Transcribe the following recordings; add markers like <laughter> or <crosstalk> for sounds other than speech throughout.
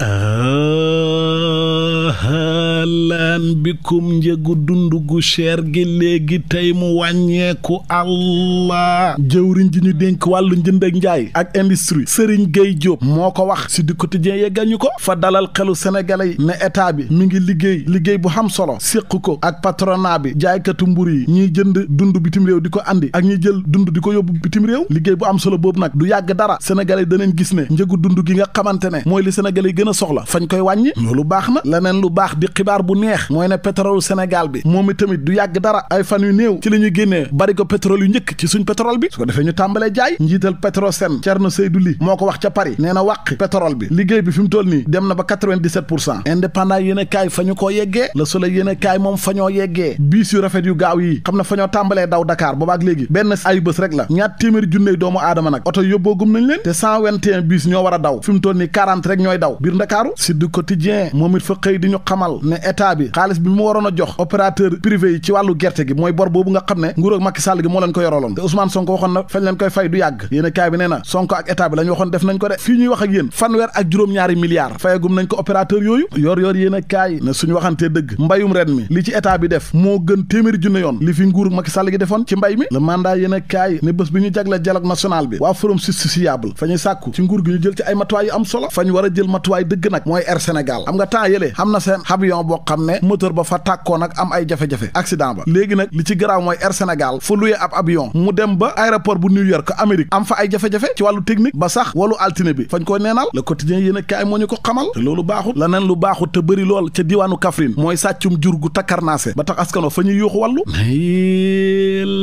lan bikum njëgu dund gu cher gi léegi tey mu wàññeeku allah jëwriñ ji ñu dénk wàllu njënd ak njaay ak industrie Serigne Gueye moo ko wax si di quotidien yeggañu ko fa dalal xelu sénégalais yi ne état bi mu ngi liggéey liggéey bu xam solo séq ko ak patronat bi jaaykatu mbur yi ñiy jënd dund bitim réew di ko andi ak ñiy jël dund di ko yóbbu bitim réew liggéey bu am solo boobu nag du yàgg dara sénégalais danañ gis ne njëgu dund gi nga xamante ne mooy li sénégalais gën gën a soxla fañ koy wàññi loolu baax na leneen lu baax di xibaar bu neex mooy ne pétrole Sénégal bi moom itamit du yàgg dara ay fan yu néew ci la ñu génnee bari ko pétrole yu njëkk ci suñ pétrole bi su ko defee ñu tàmbalee jaay njiital Petrosen Thierno Seydou Ly moo ko wax ca Paris nee na wàq pétrole bi liggéey bi fi mu toll nii dem na ba 97 pour cent indépendant yéen a kaay fa ñu koo yeggee Le Soleil yéen a kaay moom fa ñoo yeggee biis yu rafet yu gaaw yi xam ne fa ñoo tàmbalee daw Dakar boobaak léegi benn ay bés rek la ñaat téeméeri junney doomu aadama nag oto yóbboogum nañ leen te 121 biis ñoo war ndakaaru Sud Quotidien moom it fa xëy di ñu xamal ne état bi xaalis bi mu waroon a jox opérateur privé yi ci wàllu gerte gi mooy bor boobu nga xam ne nguur ak Macky Sall gi moo leen ko yoroloon te Ousmane Sonko waxoon na fañ leen koy fay du yàgg yéen a kaay bi nee na Sonko ak état bi la ñu waxoon def nañ ko de fii ñuy wax ak yéen fanweer ak juróom-ñaari milliards fayagum nañ ko opérateur yooyu yor yor yéen kaay ne suñu waxantee dëgg mbayum ren mi li ci état bi def moo gën téeméeri junne yoon li fi nguur Macky Sall gi defoon ci mi le mandat yéen a kaay ne bés bi ñu jël ci solo fañ a jël matuwaay dëgg nag mooy Air Sénégal xam nga temps yële xam na seen avion boo xam ne moteur ba fa tàkkoon nag am ay jafe-jafe accident ba léegi nag li ci garaaw mooy Air Sénégal fa luyee ab avion mu dem ba aéroport bu New York Amérique am fa ay jafe-jafe ci wàllu technique ba sax walu altine bi fañ ko neenal le quotidien yéen a kaay moo ñu ko xamal te loolu baaxut la nen lu baaxut te bëri lool ca diwaanu Kaffrine mooy sàccum jur gu takkarnaase ba tax askano fa ñu yuuxu wàllu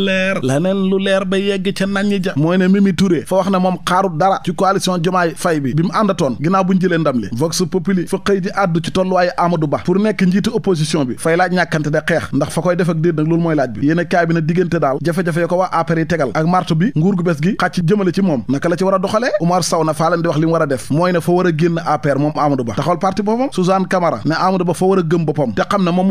leer la neen lu leer ba yegg ca nañ ja mooy ne Mimi Touré fa wax ne moom xaarut dara ci coalition Jomaay Fay bi bi mu àndatoon ginnaaw buñ jëlee ndam li vox populi fa xëy di àddu ci tolluwaayu Amadou Ba pour nekk njiitu opposition bi fay laaj ñàkkante de xeex ndax fa koy def ak déet loolu mooy laaj bi yéen kaay bi na diggante daal jafe-jafe ya ko waa APR tegal ak martu bi nguur gu bes gi xàcc jëmale ci moom naka la ci war a doxalee Oumar Sow na faa di wax li war a def mooy ne fa war a génn APR moom Amadou Ba taxawal parti boppam Suzanne Camara ne Amadou Ba fa war a gëm boppam te xam ne moom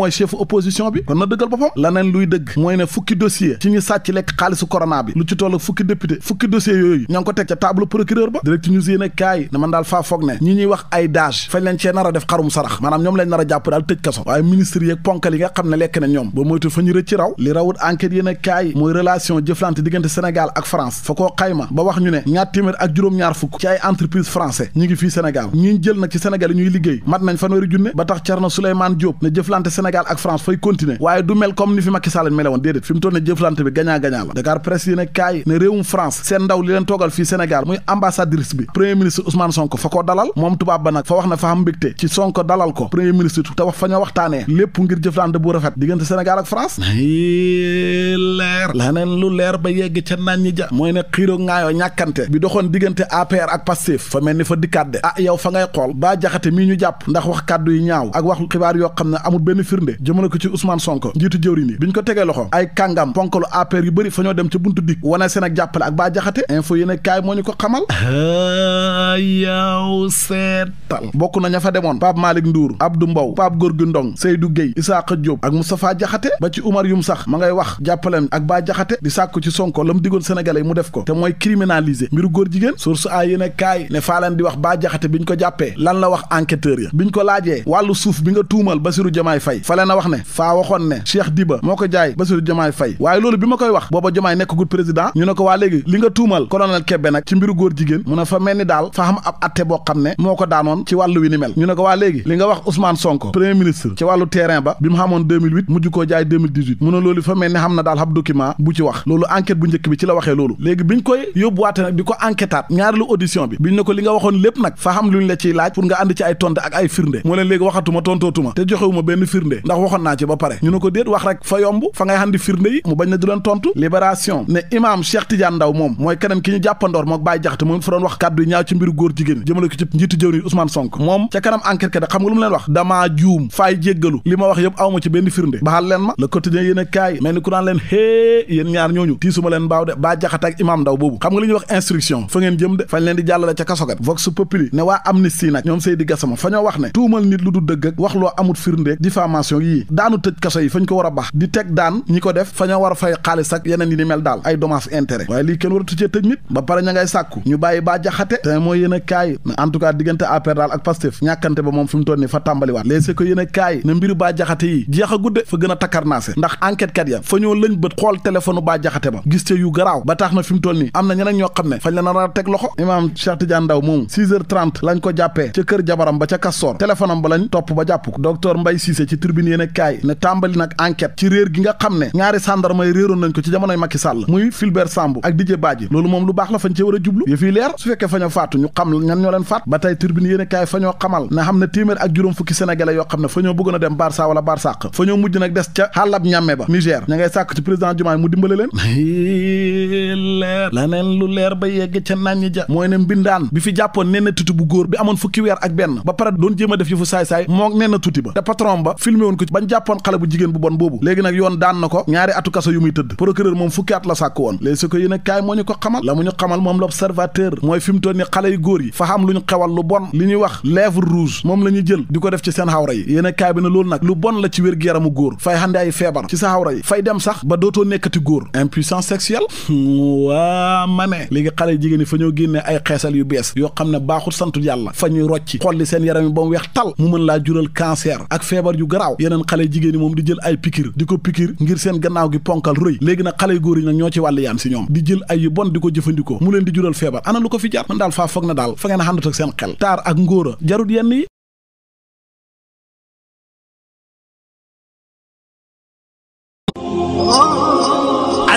ay fañ leen cee nar a def xarum sarax maanaam ñoom lañ nar a jàpp daal tëj kaso waaye ministre yeeg ponkal yi nga xam ne lekk na ñoom ba moytu fa ñu rëcc raw li rawut enquête yéen mooy relation jëflante diggante Sénégal ak France fa koo xayma ba wax ñu ne ñaar ak juróom-ñaar fukk ci ay entreprise français ñu ngi fii Sénégal ñi jël nag ci Sénégal yi ñuy liggéey mat nañ fanweeri junne ba tax Thierno Souleymane Diop ne jëflante Sénégal ak France nag fa wax na fa am mbégte ci Sonko dalal ko premier ministre te fa ñoo waxtaanee lépp ngir jëflante bu rafet diggante Sénégal ak France leer laneen lu leer ba yegg ca naan ñi ja mooy ne xiiroo ŋaayoo ñàkkante bi doxoon diggante APR ak Pastef fa mel ni fa dikkaat de a ah, yow fa ngay xool baa jaxate mii ñu jàpp ndax wax kàddu yi ñaaw ak wax xibaar yoo xam ne amul benn firnde jëmale ko ci usmaan Sonko njiitu jëwriñ yi bi ko tegee loxo ay kàngam ponkalu APR yu bëri fa ñoo dem ca buntu dik wane ak jàppale ak baa jaxate info yéen kaay ko xamal ah, yow gàttal bokk na ña fa demoon Pape Malick Ndour Abdou Mbow Pape Gorgui Ndong Seydou Guèye Isaaqa Diop ak Moustapha Diakhaté ba ci Oumar Youm sax ma ngay wax jàppaleen ak Bah Diakhaté di sàkku ci Sonko la mu digoon sénégalais yi mu def ko te mooy criminaliser mbiru góor jigéen source a yéen a kaay ne faaleen di wax Bah Diakhaté bi ko jàppee lan la wax enquêteur ya bi ñu ko laajee wàllu suuf bi nga tuumal Bassirou Diomaye Faye faleen a wax ne faa waxoon ne Cheikh Diba moo ko jaay Bassirou Diomaye Faye waaye loolu bi ma koy wax booba Diomaye nekkagul président ñu ne ko waa léegi li nga tuumal colonel Kébé nag ci mbiru góor jigéen mu ne fa mel ni daal fa xam ab boo xam ne moo ko daanoon xamoon ci wàllu wi ni mel ñu ne ko waa léegi li nga wax Ousmane Sonko premier ministre ci wàllu terrain ba bi mu xamoon mujj koo jaay mu ne loolu fa mel ni xam na daal ab document bu ci wax loolu enquête bu njëkk bi ci la waxee loolu léegi biñ koy yóbbuwaate nag di ko enquêtaat ñaareelu audition bi biñ ne ko li nga waxoon lépp nag fa xam luñ ciy laaj pour nga ànd ci ay tonte ak ay firnde moo leen léegi waxatuma tontootuma te joxewuma benn firnde ndax waxoon Ousmane moom ca kanam enquête ka xam nga lu mu leen wax damaa juum faay jéggalu li ma wax yëpp awma ci benn firnde baxal leen ma le quotidien yéen a kaay mel ni ku naan leen hée yéen ñaar ñooñu tiisuma leen baaw de baa jaxate ak imam ndaw boobu xam nga li ñuy wax instruction fa jëm de fañ leen di jàllale ca kasogat vox populi ne waa amnistie nag ñoom Seydi Gassama fa ñoo wax ne tuumal nit lu du dëgg ak wax loo amut firnde diffamation a a a APR daal ak Pastef ñàkkante ba moom fi mu a ak Didier Badji loolu moom lu baax la fañ cee war a jublu yëf leer su fekkee fañ faatu ñu xam ñan ñoo leen faat ba tey tribune yéenekaay fa xamal na xam ne téeméer ak juróom fukki sénégalais yoo xam ne fa ñoo a dem Barça wala Barsàq fa ñoo mujj nag des ca xàllab ñàmme ba Niger ña ngay sàkk ci président Diomaye mu dimbale leen leer laneen lu leer ba yegg ca naññ ja mooy ne mbindaan bi fi jàppoon nenn tuuti bu góor bi amoon fukki weer ak benn ba pare doon jéem a def yëfu saay-saay moo nenn tuuti ba te patron ba filmé woon ko bañ jàppoon xale bu jigéen bu bon boobu ñuy wax lèvre rouge moom la jël di ko def ci seen xawra yi yéen a kaay loolu nag lu bon la ci wér gi yaramu góor fay xande ay feebar ci sa xawra yi fay dem sax ba dootoo nekkati góor impuissance sexuelle <laughs> waa ma ne léegi xale jigéen yi fa ñoo génne ay xeesal yu bees yoo xam ne baaxul santu yàlla fa ñuy rocci xolli seen yaram yi ba mu weex tal mu mën laa jural cancer ak feebar yu garaaw yeneen xale jigéen yi moom di jël ay pikir di ko pikir gi ponkal rëy léegi nag ñoo ci wàll yaan si ñoom di jël ay yu di ko jëfandikoo ngóora jarut yenn